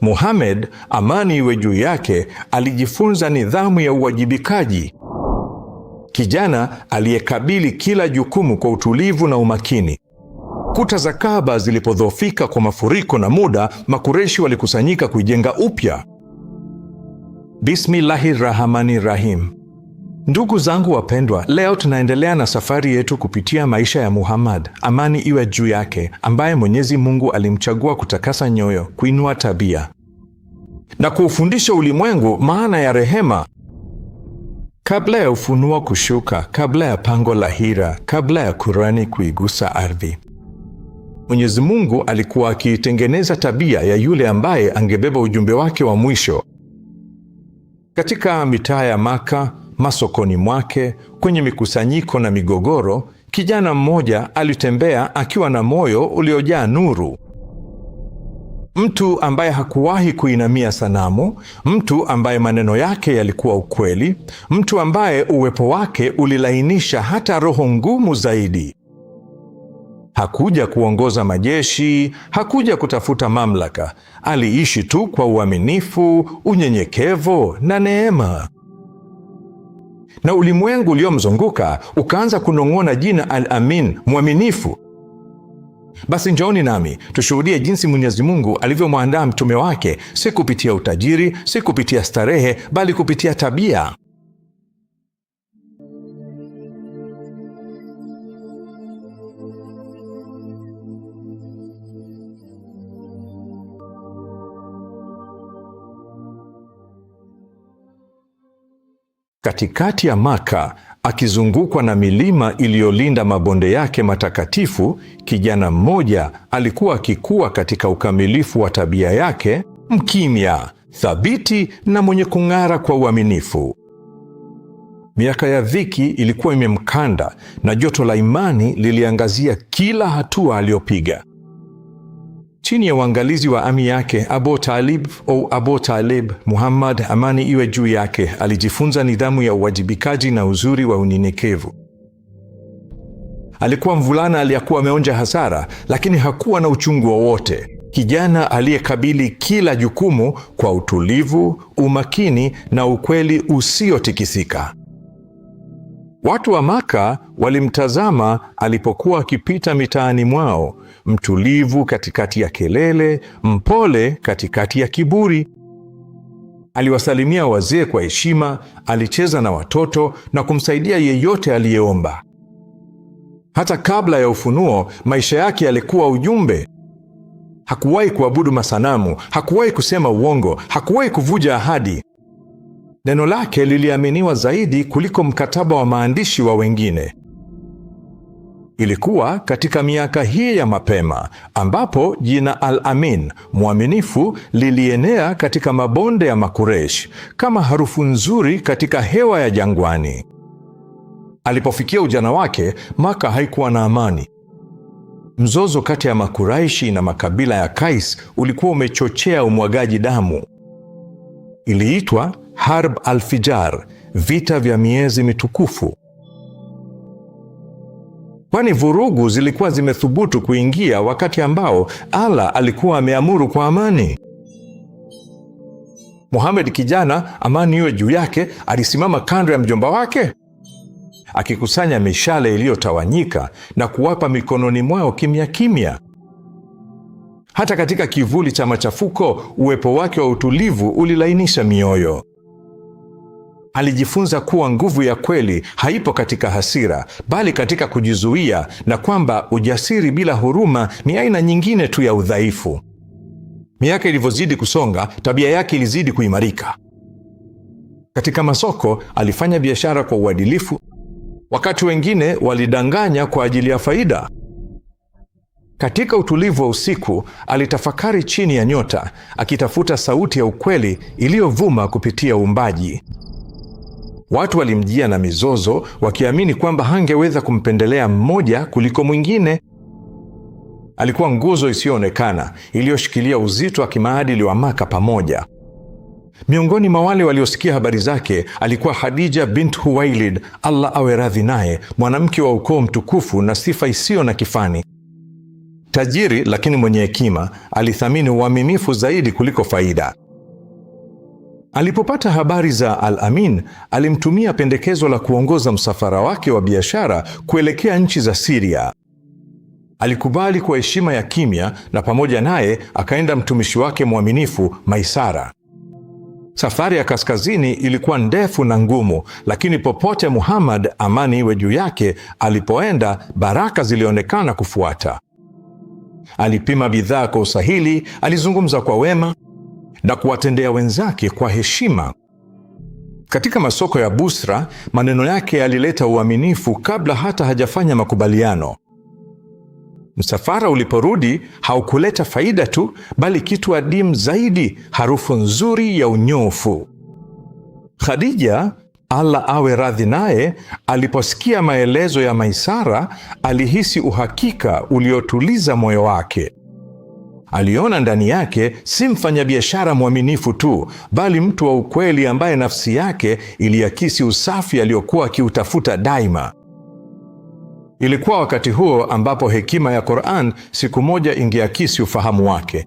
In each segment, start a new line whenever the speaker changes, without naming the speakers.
Muhammad, amani iwe juu yake, alijifunza nidhamu ya uwajibikaji, kijana aliyekabili kila jukumu kwa utulivu na umakini. Kuta za Kaaba zilipodhoofika kwa mafuriko na muda, Makureshi walikusanyika kuijenga upya. Bismillahi rahmani rahim. Ndugu zangu wapendwa, leo tunaendelea na safari yetu kupitia maisha ya Muhammad, amani iwe juu yake, ambaye Mwenyezi Mungu alimchagua kutakasa nyoyo, kuinua tabia na kuufundisha ulimwengu maana ya rehema, kabla ya ufunuo kushuka, kabla ya pango la Hira, kabla ya Kurani kuigusa ardhi. Mwenyezi Mungu alikuwa akiitengeneza tabia ya yule ambaye angebeba ujumbe wake wa mwisho. Katika mitaa ya Maka, masokoni mwake, kwenye mikusanyiko na migogoro, kijana mmoja alitembea akiwa na moyo uliojaa nuru, mtu ambaye hakuwahi kuinamia sanamu, mtu ambaye maneno yake yalikuwa ukweli, mtu ambaye uwepo wake ulilainisha hata roho ngumu zaidi. Hakuja kuongoza majeshi, hakuja kutafuta mamlaka. Aliishi tu kwa uaminifu, unyenyekevu na neema na ulimwengu uliomzunguka ukaanza kunong'ona jina Al-Amin, mwaminifu. Basi njooni nami tushuhudie jinsi Mwenyezi Mungu alivyomwandaa mtume wake, si kupitia utajiri, si kupitia starehe, bali kupitia tabia. Katikati ya Maka, akizungukwa na milima iliyolinda mabonde yake matakatifu, kijana mmoja alikuwa akikua katika ukamilifu wa tabia yake, mkimya, thabiti na mwenye kung'ara kwa uaminifu. Miaka ya dhiki ilikuwa imemkanda na joto la imani liliangazia kila hatua aliyopiga chini ya uangalizi wa ami yake Abu Talib au Abu Talib Muhammad, amani iwe juu yake, alijifunza nidhamu ya uwajibikaji na uzuri wa unyenyekevu. Alikuwa mvulana aliyekuwa ameonja hasara, lakini hakuwa na uchungu wowote, kijana aliyekabili kila jukumu kwa utulivu, umakini na ukweli usiotikisika. Watu wa Maka walimtazama alipokuwa akipita mitaani mwao, mtulivu katikati ya kelele, mpole katikati ya kiburi. Aliwasalimia wazee kwa heshima, alicheza na watoto na kumsaidia yeyote aliyeomba. Hata kabla ya ufunuo, maisha yake yalikuwa ujumbe. Hakuwahi kuabudu masanamu, hakuwahi kusema uongo, hakuwahi kuvuja ahadi neno lake liliaminiwa zaidi kuliko mkataba wa maandishi wa wengine. Ilikuwa katika miaka hii ya mapema ambapo jina Al-Amin, mwaminifu, lilienea katika mabonde ya Makuresh kama harufu nzuri katika hewa ya jangwani. Alipofikia ujana wake, Maka haikuwa na amani. Mzozo kati ya Makuraishi na makabila ya Kais ulikuwa umechochea umwagaji damu. Iliitwa Harb al-Fijar, vita vya miezi mitukufu, kwani vurugu zilikuwa zimethubutu kuingia wakati ambao Allah alikuwa ameamuru kwa amani. Muhammad kijana, amani iwe juu yake, alisimama kando ya mjomba wake akikusanya mishale iliyotawanyika na kuwapa mikononi mwao kimya kimya. Hata katika kivuli cha machafuko, uwepo wake wa utulivu ulilainisha mioyo alijifunza kuwa nguvu ya kweli haipo katika hasira, bali katika kujizuia, na kwamba ujasiri bila huruma ni aina nyingine tu ya udhaifu. Miaka ilivyozidi kusonga, tabia yake ilizidi kuimarika. Katika masoko alifanya biashara kwa uadilifu, wakati wengine walidanganya kwa ajili ya faida. Katika utulivu wa usiku alitafakari chini ya nyota, akitafuta sauti ya ukweli iliyovuma kupitia uumbaji. Watu walimjia na mizozo, wakiamini kwamba hangeweza kumpendelea mmoja kuliko mwingine. Alikuwa nguzo isiyoonekana iliyoshikilia uzito wa kimaadili wa Maka pamoja. Miongoni mwa wale waliosikia habari zake alikuwa Hadija bint Huwailid, Allah awe radhi naye, mwanamke wa ukoo mtukufu na sifa isiyo na kifani. Tajiri lakini mwenye hekima, alithamini uaminifu zaidi kuliko faida. Alipopata habari za Al-Amin, alimtumia pendekezo la kuongoza msafara wake wa biashara kuelekea nchi za Siria. Alikubali kwa heshima ya kimya na pamoja naye akaenda mtumishi wake mwaminifu Maisara. Safari ya kaskazini ilikuwa ndefu na ngumu, lakini popote Muhammad, amani iwe juu yake, alipoenda baraka zilionekana kufuata. Alipima bidhaa kwa usahili alizungumza kwa wema na kuwatendea wenzake kwa heshima. Katika masoko ya Busra, maneno yake yalileta uaminifu kabla hata hajafanya makubaliano. Msafara uliporudi haukuleta faida tu, bali kitu adimu zaidi, harufu nzuri ya unyofu. Khadija, Allah awe radhi naye, aliposikia maelezo ya Maisara, alihisi uhakika uliotuliza moyo wake. Aliona ndani yake si mfanyabiashara mwaminifu tu, bali mtu wa ukweli ambaye nafsi yake iliakisi usafi aliyokuwa akiutafuta daima. Ilikuwa wakati huo ambapo hekima ya Qur'an siku moja ingeakisi ufahamu wake.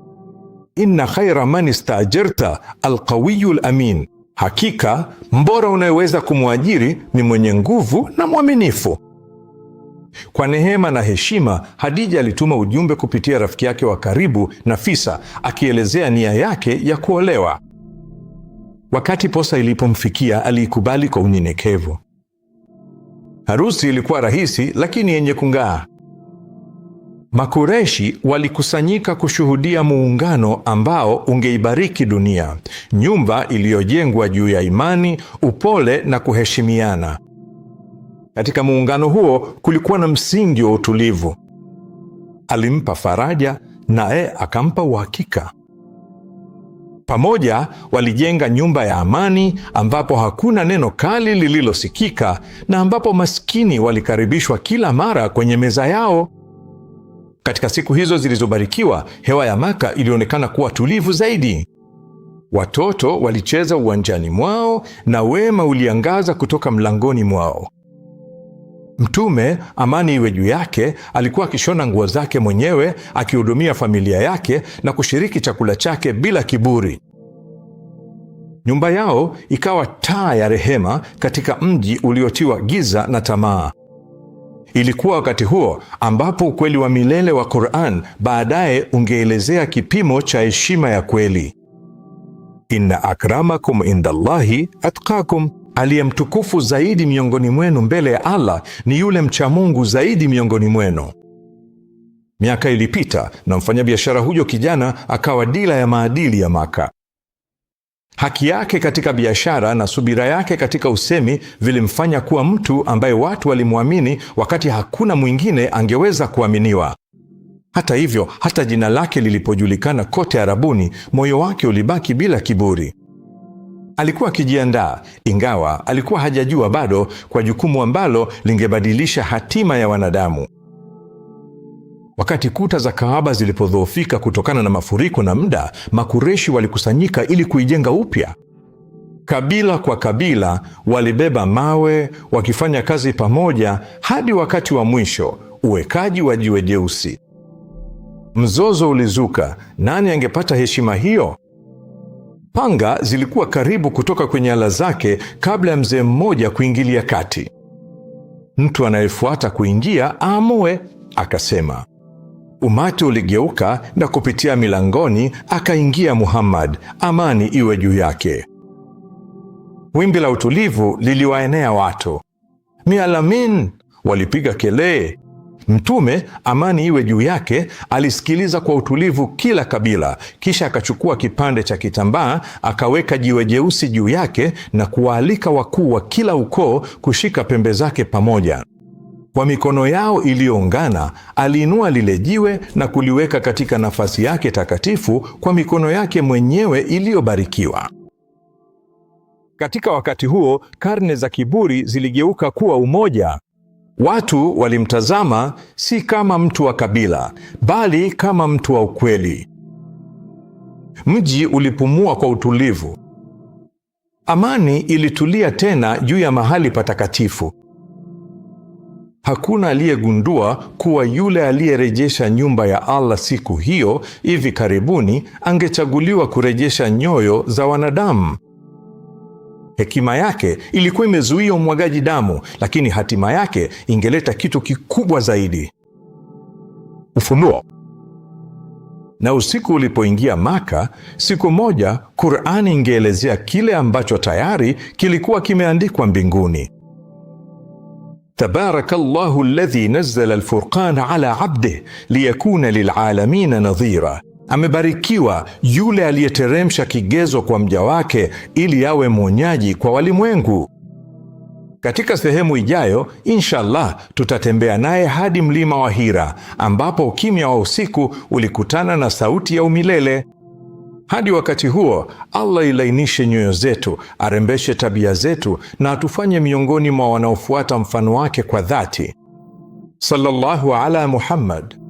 Inna khaira man istajarta alqawiyu lamin hakika mbora unayeweza kumwajiri ni mwenye nguvu na mwaminifu. Kwa neema na heshima, Hadija alituma ujumbe kupitia rafiki yake wa karibu Nafisa, akielezea nia yake ya kuolewa. Wakati posa ilipomfikia, aliikubali kwa unyenyekevu. Harusi ilikuwa rahisi lakini yenye kung'aa. Makureshi walikusanyika kushuhudia muungano ambao ungeibariki dunia, nyumba iliyojengwa juu ya imani, upole na kuheshimiana. Katika muungano huo kulikuwa na msingi wa utulivu. Alimpa faraja naye akampa uhakika. Pamoja walijenga nyumba ya amani ambapo hakuna neno kali lililosikika na ambapo maskini walikaribishwa kila mara kwenye meza yao. Katika siku hizo zilizobarikiwa, hewa ya Maka ilionekana kuwa tulivu zaidi. Watoto walicheza uwanjani mwao na wema uliangaza kutoka mlangoni mwao. Mtume, amani iwe juu yake, alikuwa akishona nguo zake mwenyewe, akihudumia familia yake na kushiriki chakula chake bila kiburi. Nyumba yao ikawa taa ya rehema katika mji uliotiwa giza na tamaa. Ilikuwa wakati huo ambapo ukweli wa milele wa Qur'an baadaye ungeelezea kipimo cha heshima ya kweli. Inna akramakum indallahi atqakum aliye mtukufu zaidi miongoni mwenu mbele ya Allah ni yule mcha Mungu zaidi miongoni mwenu. Miaka ilipita na mfanyabiashara huyo kijana akawa dila ya maadili ya Maka. Haki yake katika biashara na subira yake katika usemi vilimfanya kuwa mtu ambaye watu walimwamini wakati hakuna mwingine angeweza kuaminiwa. Hata hivyo, hata jina lake lilipojulikana kote Arabuni, moyo wake ulibaki bila kiburi. Alikuwa akijiandaa, ingawa alikuwa hajajua bado, kwa jukumu ambalo lingebadilisha hatima ya wanadamu. Wakati kuta za Kaaba zilipodhoofika kutokana na mafuriko na muda, Makureshi walikusanyika ili kuijenga upya. Kabila kwa kabila walibeba mawe, wakifanya kazi pamoja hadi wakati wa mwisho, uwekaji wa jiwe jeusi. Mzozo ulizuka, nani angepata heshima hiyo? Panga zilikuwa karibu kutoka kwenye ala zake kabla ya mzee mmoja kuingilia kati. Mtu anayefuata kuingia aamue, akasema. Umati uligeuka na kupitia milangoni akaingia Muhammad, amani iwe juu yake. Wimbi la utulivu liliwaenea watu. Mialamin walipiga kelele, Mtume, amani iwe juu yake, alisikiliza kwa utulivu kila kabila, kisha akachukua kipande cha kitambaa akaweka jiwe jeusi juu yake na kuwaalika wakuu wa kila ukoo kushika pembe zake pamoja. Kwa mikono yao iliyoungana aliinua lile jiwe na kuliweka katika nafasi yake takatifu kwa mikono yake mwenyewe iliyobarikiwa. Katika wakati huo, karne za kiburi ziligeuka kuwa umoja. Watu walimtazama si kama mtu wa kabila, bali kama mtu wa ukweli. Mji ulipumua kwa utulivu. Amani ilitulia tena juu ya mahali patakatifu. Hakuna aliyegundua kuwa yule aliyerejesha nyumba ya Allah siku hiyo hivi karibuni angechaguliwa kurejesha nyoyo za wanadamu. Hekima yake ilikuwa imezuia umwagaji damu, lakini hatima yake ingeleta kitu kikubwa zaidi, ufunuo. Na usiku ulipoingia Maka, siku moja Qur'ani ingeelezea kile ambacho tayari kilikuwa kimeandikwa mbinguni. Tabarakallahu alladhi nazzala alfurqana ala abdih liyakuna lilalamina nadhira Amebarikiwa yule aliyeteremsha kigezo kwa mja wake ili awe mwonyaji kwa walimwengu. Katika sehemu ijayo, inshallah, tutatembea naye hadi mlima wa Hira ambapo ukimya wa usiku ulikutana na sauti ya umilele. Hadi wakati huo, Allah ilainishe nyoyo zetu, arembeshe tabia zetu na atufanye miongoni mwa wanaofuata mfano wake kwa dhati. Sallallahu ala Muhammad.